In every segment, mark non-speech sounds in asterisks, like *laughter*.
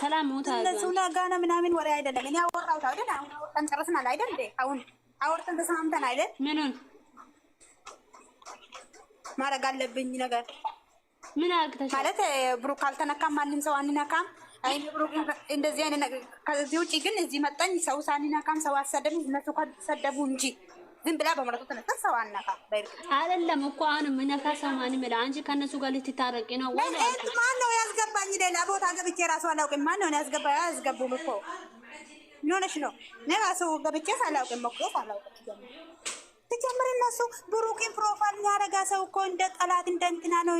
ሰላም ሞታ እነሱ ጋና ምናምን ወሬ አይደለም። እኔ አወራሁት አይደል? አሁን አውርተን ጨርሰናል አይደል? እንዴ አሁን አውርተን ተስማምተን አይደል? ምኑን ማድረግ አለብኝ ነገር ምን አግተሽ ማለት ብሩክ አልተነካም፣ ማንም ሰው አንነካም። አይ ብሩክ እንደዚህ አይነት ከዚህ ውጪ ግን እዚህ መጣኝ ሰው ሳንነካም፣ ሰው አሰደብን እነሱ ሰደቡ እንጂ ዝም ብላ በመረቱ ተነሳ ሰው አናካ አይደለም እኮ አሁን ምነካ ሰው ምላ አንቺ ከነሱ ጋር ልትታረቂ ነው ወይ? ማን ነው ያስገባኝ? ሌላ ቦታ ገብቼ ራሱ አላውቅም። ማን ነው ያስገባ? ያስገቡም እኮ ምን ሆነሽ ነው? እኔ ራሱ ገብቼ አላውቅም። እኮ አላውቅም ትጀምር እነሱ ብሩክን ፕሮፋይል የሚያደርጋ ሰው እኮ እንደ ጠላት እንደ እንትና ነው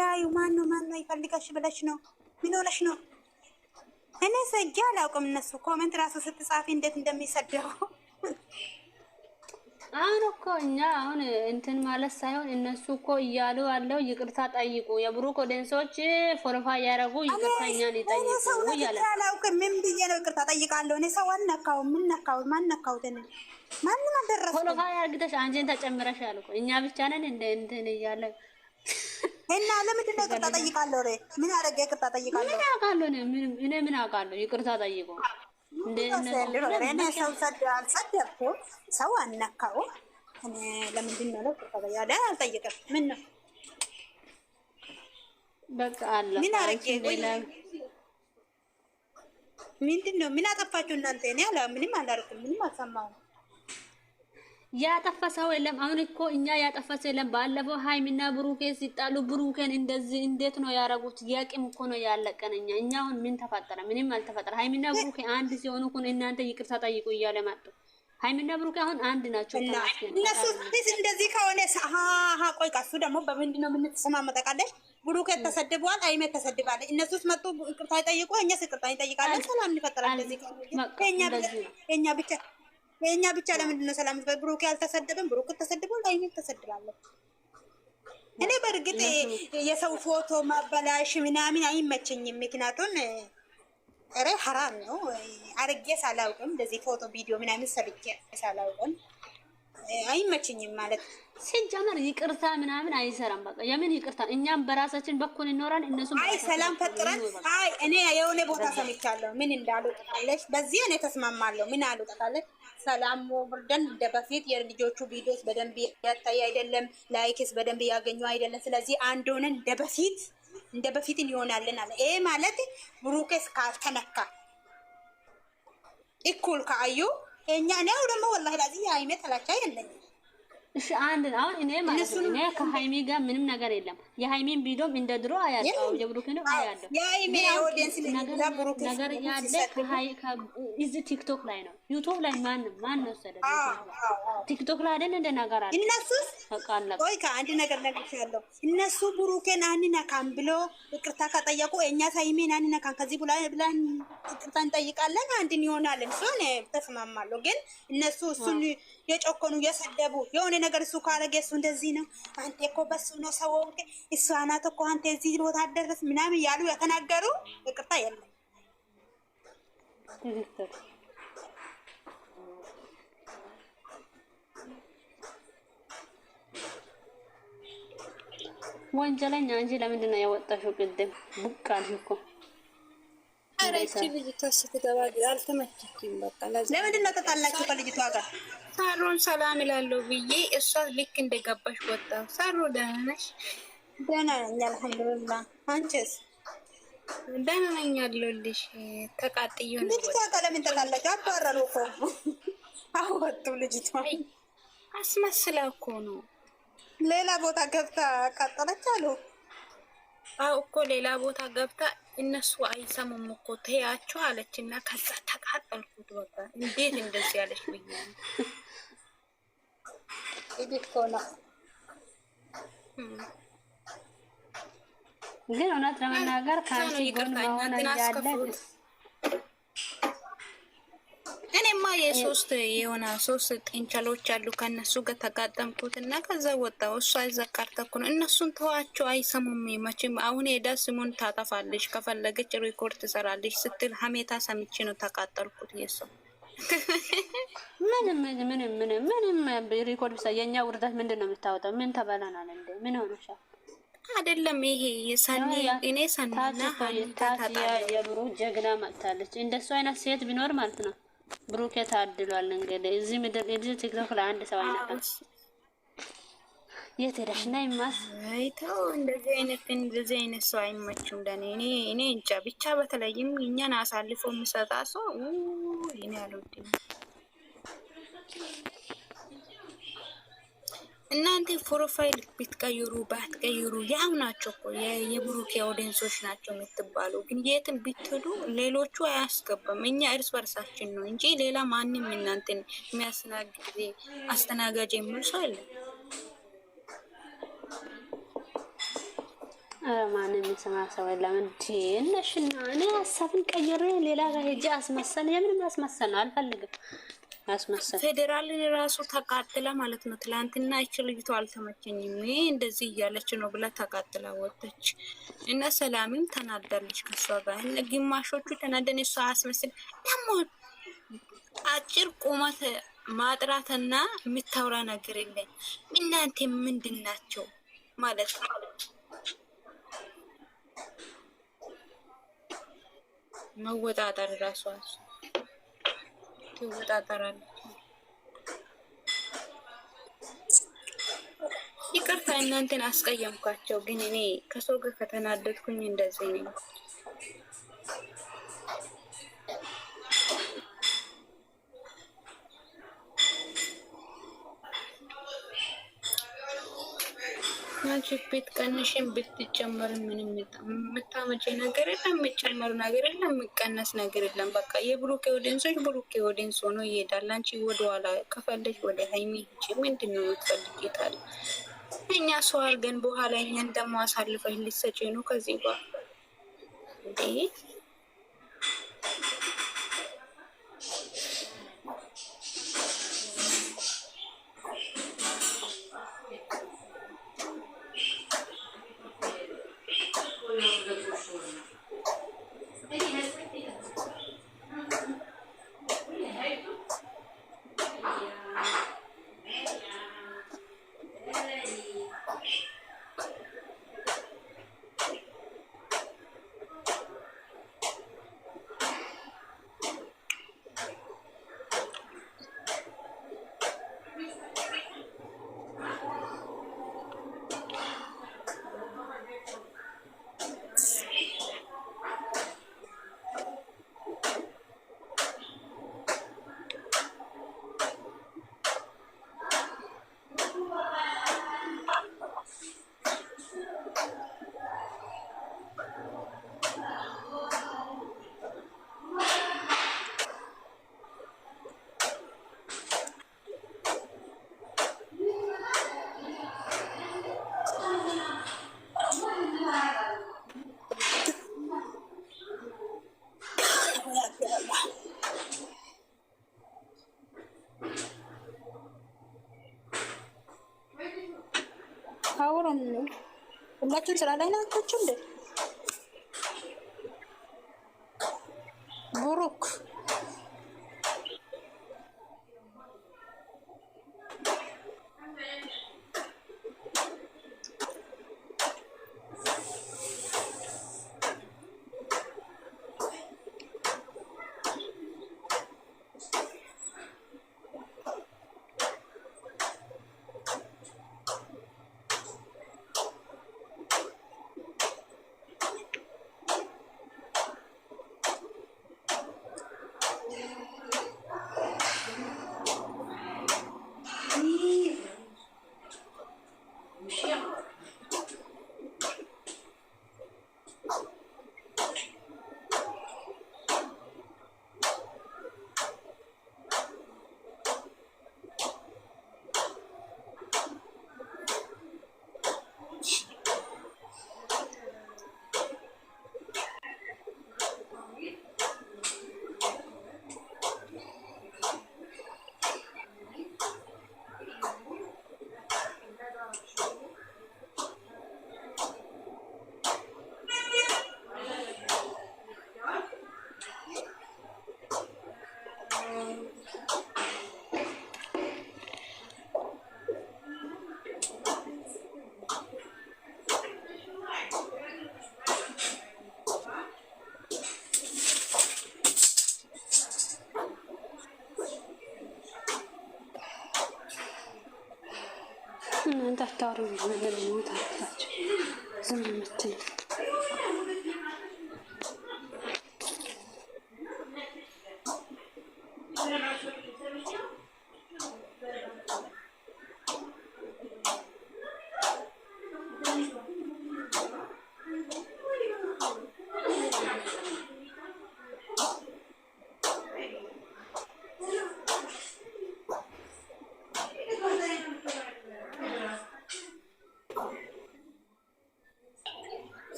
ያዩ። ማን ነው ማን ነው ይፈልጋሽ ብለሽ ነው? ምን ሆነሽ ነው? እኔ ሰጃ አላውቅም። እነሱ ኮመንት ራሱ ስትጻፊ እንዴት እንደሚሰደው አሁን እኮ እኛ አሁን እንትን ማለት ሳይሆን እነሱ እኮ እያሉ አለው ይቅርታ ጠይቁ፣ የብሩክ ወደንሶች ፎርፋ እያደረጉ ይቅርታ እኛን ይጠይቁ ምን ብዬ ነው ይቅርታ ጠይቃለሁ? እኔ ሰው አነካው ምን ነካው? ማን ነካው? ትን ማንም አልደረሰ። ፎሎፋ ያርግተሽ አንቺን ተጨምረሽ ያልኩ እኛ ብቻ ነን እንደ እንትን እያለ እና ለምንድን ነው ይቅርታ *laughs* ጠይቃለሁ? ምን አደረገ? ይቅርታ ጠይቃለሁ። ምን አውቃለሁ? እኔ ምን አውቃለሁ? ይቅርታ ጠይቁ እኔ ሰው አልጸደብኩም፣ ሰው ለምንድን ነው አልጠየቀም። ምን ነው በቃ አለ ምን አረጌ ምንድን ነው ምን አጠፋችሁ እናንተ? እኔ ምንም አላደረኩም፣ ምንም አልሰማሁም። ያጠፋ ሰው የለም። አሁን እኮ እኛ ያጠፋ ሰው የለም። ባለፈው ሀይሚና ብሩኬ ሲጣሉ ብሩኬን እንደዚህ እንዴት ነው ያረጉት? ያቅም እኮ ነው ያለቀን እኛ እኛ አሁን ምን ተፈጠረ? ምንም አልተፈጠረ። ሀይሚና ብሩኬ አንድ ሲሆኑ እኮ እናንተ ይቅርታ ጠይቁ እያለ መጡ። ሀይሚና ብሩኬ አሁን አንድ ናቸው። እነሱ እንደዚህ ከሆነ ቆይ ቀሱ ደግሞ በምንድን ነው የምንተሰማመጠቃለች? ብሩኬ ተሰድበዋል፣ አይሜ ተሰድባለች። እነሱስ መጡ ይቅርታ ይጠይቁ፣ እኛስ ይቅርታ ይጠይቃለን። ሰላም እንፈጠራለን። እኛ ብቻ የእኛ ብቻ ለምንድን ነው ሰላም? ብሩክ ያልተሰደበም ብሩክ ተሰድቦ ላይ ተሰድባለች። እኔ በእርግጥ የሰው ፎቶ ማበላሽ ምናምን አይመቸኝም። ምክንያቱን ኧረ ሀራም ነው አርጌ ሳላውቅም እንደዚህ ፎቶ ቪዲዮ ምናምን ሰርቼ ሳላውቅም አይመቸኝም ማለት ሲጀመር ይቅርታ ምናምን አይሰራም። በቃ የምን ይቅርታ? እኛም በራሳችን በኩል እንኖራል። እነሱም አይ ሰላም ፈጥረን አይ እኔ የሆነ ቦታ ሰምቻለሁ ምን እንዳሉ ጠቃለች። በዚህ እኔ ተስማማለሁ። ምን አሉ ጠቃለች ሰላም ወርደን እንደ በፊት የልጆቹ ቪዲዮስ በደንብ ያታይ አይደለም፣ ላይክስ በደንብ ያገኙ አይደለም። ስለዚህ አንድ ሆነን እንደ በፊት እንደ በፊት እንሆናለን አለ። ይሄ ማለት ብሩኬስ ካልተነካ እኩል ከአዩ እኛ ነው ደግሞ ወላሂ ላዚ የአይሜ ጠላቻ የለኝም እሺ አንድ አሁን እኔ ማለት እኔ ከሃይሚ ጋር ምንም ነገር የለም። የሃይሚን ቪዲዮም እንደ ድሮ አያጣው የብሩክንም አያለሁ። የሃይሚ ኦዲየንስ ነገር ያለ ከሃይ እዚህ ቲክቶክ ላይ ነው፣ ዩቲዩብ ላይ ማን ማን ነው ሰደ ቲክቶክ ላይ አይደል እንደ ነገር አለ። እነሱ ተቃለ ወይ ከአንድ ነገር ነግሬሻለሁ። እነሱ ብሩኬን አንነካም ብሎ ይቅርታ ከጠየቁ እኛ ሃይሚን አንነካም ከዚህ ብላ ብላን ይቅርታ እንጠይቃለን፣ አንድ እንሆናለን። እሱን ተስማማለሁ። ግን እነሱ እሱን የጨኮኑ የሰደቡ የሆነ ነገር እሱ ካረገ እሱ እንደዚህ ነው፣ አንተ እኮ በሱ ነው ሰው እሱ አናት እኮ አንተ እዚህ ቦታ አደረስ ምናምን እያሉ የተናገሩ ይቅርታ የለም። ወንጀለኛ እንጂ ለምንድን ነው ቅድም ቡቅ አልሽ እኮ ለምንድን ነው ተጣላችሁ ከልጅቷ ጋር? ሳሮን ሰላም እላለሁ ብዬ እሷ ልክ እንደገባሽ ወጣ። ሳሮ ደህና ነሽ? ደህና ነኝ አልሐምዱሊላህ። አንቺስ? ደህና ነኝ አለሁልሽ። ነው ልጅቷ ጋር ለምን ተጣላችሁ? አባረሩ እኮ አወጡ። ልጅቷ አስመስላ እኮ ነው ሌላ ቦታ ገብታ አቃጠለች አሉ አው እኮ ሌላ ቦታ ገብታ እነሱ አይሰሙም እኮ ተያቸው አለች እና ከዛ ተቃጠልኩት። በቃ እንዴት እንደዚህ ያለች ብዬ ግን እውነት ለመናገር ከአንቺ ጎን መሆን ያለ እኔማ የሶስት የሆነ ሶስት ጥንቸሎች አሉ ከእነሱ ጋር ተጋጠምኩት እና ከዛ ወጣው። እሱ እዛ ቀርተኩ ነው። እነሱን ተዋቸው፣ አይሰሙም መቼም። አሁን ሄዳ ስሙን ታጠፋለች፣ ከፈለገች ሪኮርድ ትሰራለች ስትል ሀሜታ ሰምቼ ነው ተቃጠልኩት። የሱ ምንም ምንም ምንም ምንም ሪኮርድ ብሳ የእኛ ውርደት ምንድን ነው የምታወጣው? ምን ተበላናል እንዴ? ምን ሆነሻል? አይደለም ይሄ ሰኒ እኔ ሰኒና ሀሜታ የብሩ ጀግና መጥታለች። እንደሱ አይነት ሴት ቢኖር ማለት ነው ብሩኬ ታድሏል። እንግዲህ እዚህ ምድር እዚህ ቲክቶክ ላይ አንድ ሰው አይነካም። የት ሄደሽ ነይ ማስ አይተው እንደዚህ አይነት እንደዚህ አይነት ሰው አይመችም። ለኔ እኔ እኔ እንጃ ብቻ በተለይም እኛን አሳልፎ የሚሰጣ ሰው እኔ አልወድም። እናንተ ፕሮፋይል ብትቀይሩ ባትቀይሩ ያው ናቸው እኮ የብሩክ ኦዲየንሶች ናቸው የምትባሉ። ግን የትም ብትሄዱ ሌሎቹ አያስገባም። እኛ እርስ በርሳችን ነው እንጂ ሌላ ማንም እናንተን የሚያስተናግድ አስተናጋጅ የሚል ሰው አለ? ኧረ ማንም የሰማ ሰው የለም። እንዲ እነሽና እኔ ሀሳብን ቀይሬ ሌላ ጋር ሄጄ አስመሰል የምንም አስመሰል ነው አልፈልግም። አስመሰል ፌዴራልን ራሱ ተቃጥላ ማለት ነው። ትላንትና ይች ልጅቷ አልተመቸኝም እንደዚህ እያለች ነው ብላ ተቃጥላ ወጥተች እና ሰላምም ተናዳለች ከሷ ጋር እነ ግማሾቹ ተናደን እሷ አስመስል ደግሞ አጭር ቁመት ማጥራትና የምታውራ ነገር የለኝ እናንተ ምንድን ናቸው ማለት ነው መወጣጠር ራሷ ትወጣጠራለች። ይቅርታ እናንተን አስቀየምኳቸው፣ ግን እኔ ከሰው ጋር ከተናደድኩኝ እንደዚህ ነው። ሴት ቤት ቀንሽን ብትጨመር ምንም የምታመጭ ነገር የለም፣ የምጨመር ነገር የለም፣ የምቀነስ ነገር የለም። በቃ የብሩኬ ኦዲንሶች ብሩኬ ኦዲንስ ሆኖ ይሄዳል። አንቺ ወደኋላ ከፈለሽ ወደ ሀይሚ ሂጂ። ምንድን ነው የምትፈልግ? እኛ ሰው አድርገን በኋላ እኛን ደግሞ አሳልፈሽ ልትሰጪ ነው ከዚህ ጋር ሁላችሁም ስራ ላይ ናችሁ እንዴ? አታወሪው ይሆናል። ዝም የምትል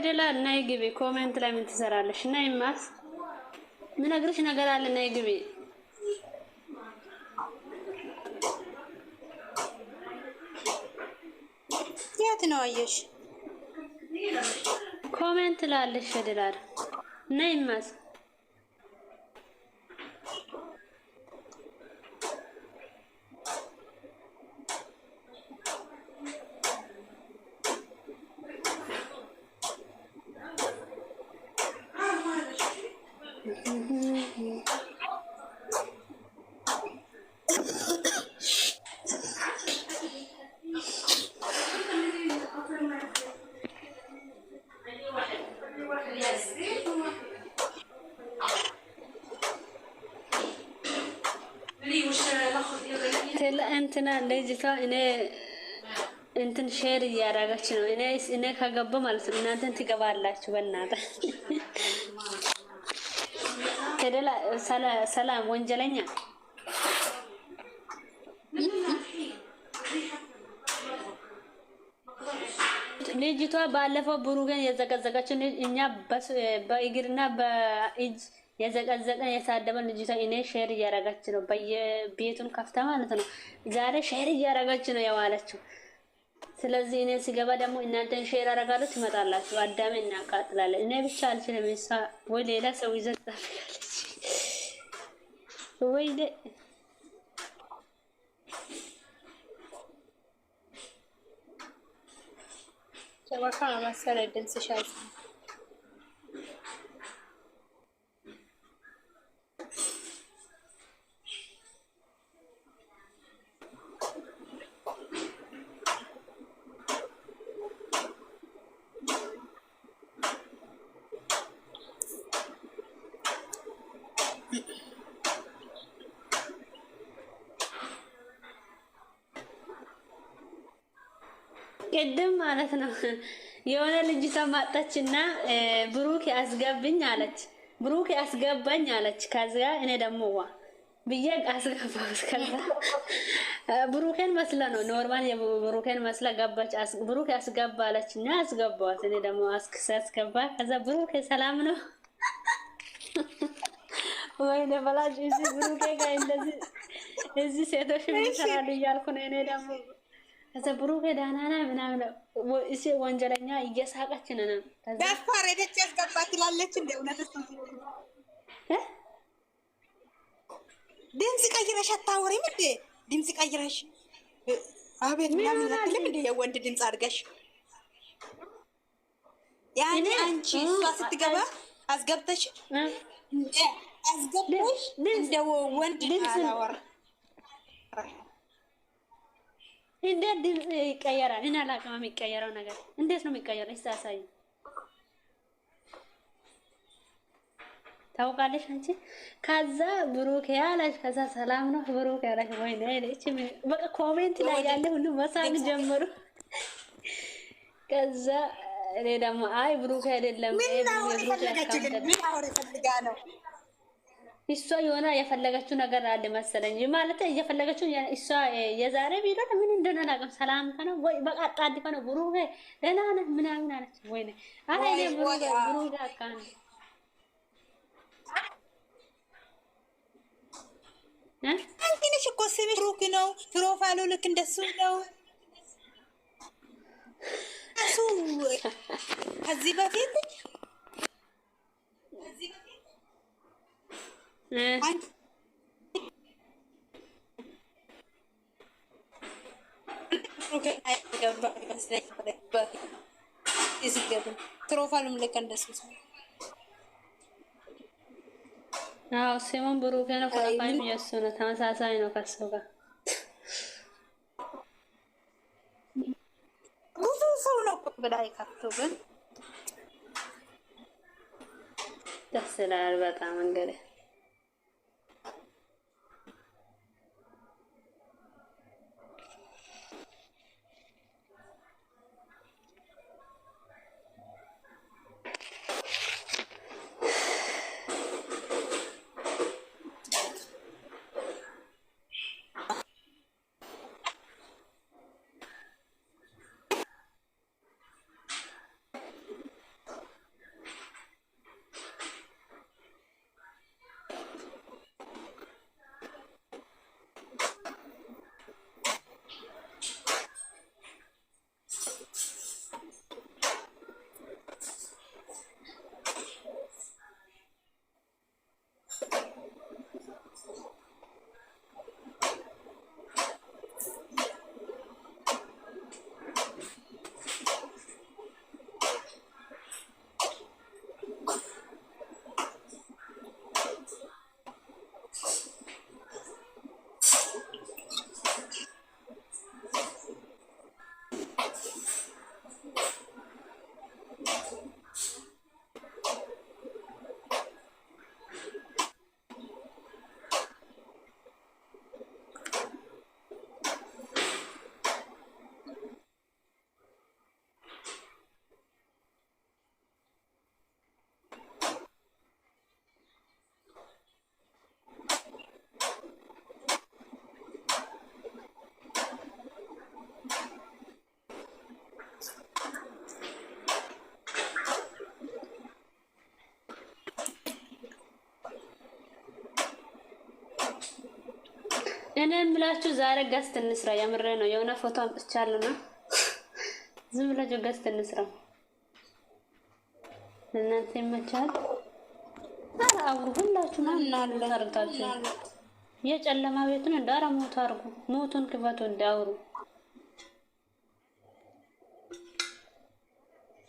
በደላ እናይ ግቢ ኮሜንት ላይ ምን ትሰራለሽ? እና ይማስ ምነግርሽ ነገር አለ። እናይ ግቢ የት ነው አየሽ? ኮሜንት ላለሽ በደላ ናይ ማስ እንትና ልጅቷ እኔ እንትን ሼር እያደረገች ነው። እኔ ከገባ ማለት ነው እናንተን ትገባላችሁ በእናትህ ሰላም ወንጀለኛ ልጅቷ ባለፈው ብሩገን የዘቀዘቀችን እኛ በእግርና በእጅ የዘቀዘቀን የሳደበን ልጅቷ እኔ ሼር እያረጋች ነው፣ በየቤቱን ከፍተ ማለት ነው። ዛሬ ሼር እያረጋች ነው የዋለችው። ስለዚህ እኔ ሲገባ ደግሞ እናንተን ሼር አረጋሉ ትመጣላችሁ። አዳሜ እናቃጥላለን። እኔ ብቻ አልችልም። እሷ ወይ ሌላ ሰው ይዘት ወይ ሸበካ መሰለ ድምፅሽ ቅድም ማለት ነው የሆነ ልጅ ተማጣችና ብሩክ ያስገብኝ አለች። ብሩክ ያስገባኝ አለች። ከዚያ እኔ ደግሞ ዋ ብዬ አስገባው። እስከዛ ብሩኬን መስለ ነው ኖርማል ብሩኬን መስለ ገባች። ብሩክ ያስገባ አለች እና ያስገባዋት እኔ ደግሞ አስገባ። ከዛ ብሩክ ሰላም ነው ወይ በላጭ እዚህ ብሩኬ ጋር እንደዚህ እዚህ ሴቶች ምን ይሰራሉ እያልኩ ነው እኔ ደግሞ ከዛ ብሩክ ዳናና ምናምን እሺ፣ ወንጀለኛ እየሳቀች ነና ደፋር ሄደች ያስገባት ትላለች። እንደ እውነት ድምፅ ቀይረሽ አታወሪም እንዴ? ድምፅ ቀይረሽ አቤት ምናምን አትልም እንዴ? የወንድ ድምፅ አድርገሽ ያኔ አንቺ እሷ ስትገባ አስገብተሽ አስገብተሽ እንደ ወንድ አላወራ እንዴት ድምፅ ይቀየራል? እኔ አላውቅም። የሚቀየረው ነገር እንዴት ነው የሚቀየረው? እስኪ አሳይኝ። ታውቃለሽ አንቺ። ከዛ ብሩክ ያለሽ፣ ከዛ ሰላም ነው ብሩክ ያለሽ። ወይኔ በቃ ኮሜንት ላይ ያለ ሁሉ መሳቅ ጀመሩ። ከዛ እኔ ደግሞ አይ ብሩክ አይደለም ምን አሁን የፈለገችው ነው እሷ የሆነ የፈለገችው ነገር አለ መሰለኝ ማለት እየፈለገችው እሷ የዛሬ ቢሆን ምን እንደሆነ አላውቅም። ሰላም ከነ ወይ በቃ አጣድፈ ነው ብሩህ ደህና ነህ ምናምን አለች። ወይ ነ አይ ብሩህ ዳካ ነው አንቺ ነሽ እኮ ስምሽ ብሩክ ነው። ፕሮፋይሉ ልክ እንደሱ ነው። እሱ ከዚህ በፊት ትሮፋልም ልክ እንደሱ አዎ፣ ሲሞን ብሩኬ ነው። ፕሮፋይሉ የእሱ ነው፣ ተመሳሳይ ነው ከሱ ጋር። ብዙ ሰው ነው ብላ ይካቱ ግን ደስ ይላል በጣም እንግዲህ እኔ የምላችሁ ዛሬ ጋስት እንስራ። የምሬ ነው። የሆነ ፎቶ አምጥቻለሁ ነው። ዝም ብላችሁ ጋስት እንስራ። እናንተ ይመቻል። ኧረ አውሩ ሁላችሁ ነው አርጋችሁ የጨለማ ቤቱን እንዳረ ሞት አርጉ። ሞቱን ክፈቱ እንዳውሩ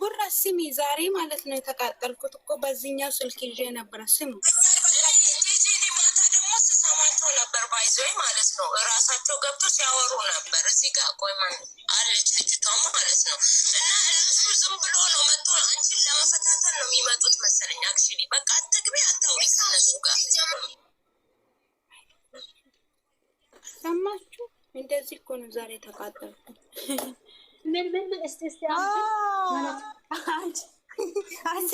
ጉራ ስሚ፣ ዛሬ ማለት ነው የተቃጠልኩት እኮ በዚህኛው ስልክ ይዤ ነበረ ስሙ ሲያወሩ ነበር። እዚህ ጋር ቆይ አለች ልጅቷ ማለት ነው። እና እነሱ ዝም ብሎ ነው መጥቶ አንቺን ለመፈታተን ነው የሚመጡት መሰለኝ። አክቹዋሊ በቃ አትግቢ፣ አታውሪ ከነሱ ጋር ሰማችሁ። እንደዚህ እኮ ነው ዛሬ ተቃጠልኩ። ምን ምን እስቲ እስቲ አንቺ አንቺ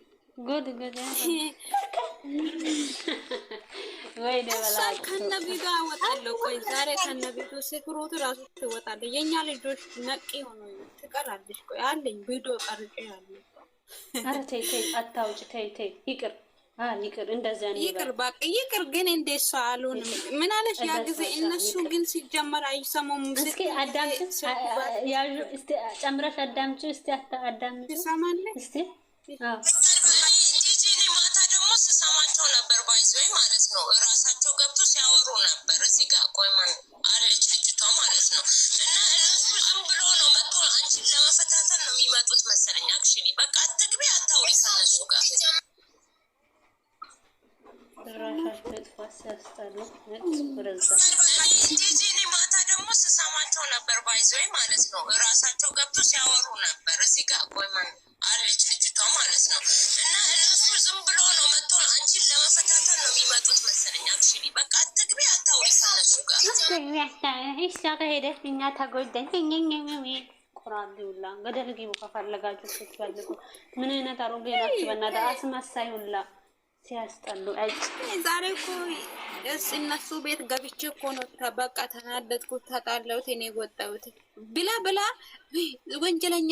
ጉድ ጉድ ወይ ደበላ አወጣለሁ። ቆይ ዛሬ ከነቢቱ ስክሮቱ ራሱ ትወጣለህ። የእኛ ልጆች ነቂ ሆኖ ትቀራለች። ቆይ አለኝ ቪዲዮ ቀርጬ ተይ ተይ፣ አታውጭ፣ ተይ ተይ፣ ይቅር ይቅር እንደዚያ ይቅር፣ በቃ ይቅር። ግን ምን አለሽ ያ ጊዜ እነሱ ግን ሲጀመር አይሰሙም። እስኪ አዳምጪ፣ ጨምረሽ አዳምጪ፣ አዳምጪ፣ ትሰማለህ ነው እራሳቸው ገብቶ ሲያወሩ ነበር። እዚህ ጋር ቆይማን አለች ልጅቷ ማለት ነው። እና እነሱ ዝም ብሎ ነው መጥቶ አንቺን ለመፈታተን ነው የሚመጡት መሰለኝ። አክሽሊ በቃ አትግቢ፣ አታውሪ ከነሱ ጋር ራሻሽ ማታ ደግሞ ስሰማቸው ነበር ባይዘይ ማለት ነው። እራሳቸው ገብቶ ሲያወሩ ነበር። እዚህ ጋር ቆይማን አለች ልጅቷ ማለት ነው። እና እነሱ ዝም ብሎ ነው አንቺን ለመፈታተን ነው የሚመጡት መሰለኝ። አክቹዋሊ በቃ አትግቢ፣ አታውሪ ከእነሱ ጋር እሷ ጋር ሄደሽ እኛ ተጎዳኝ ቁራቢ ሁላ ገደል ግቡ ከፈለጋችሁ ስትፈልጉ። ምን አይነት አሮጌ ናችሁ በእናትህ አስመሳይ ሁላ ሲያስጠሉ። እጭ ዛሬ እኮ እስ እነሱ ቤት ገብቼ እኮ ነው በቃ ተናደድኩት፣ ተጣለሁት፣ እኔ ወጣሁት ብላ ብላ ወንጀለኛ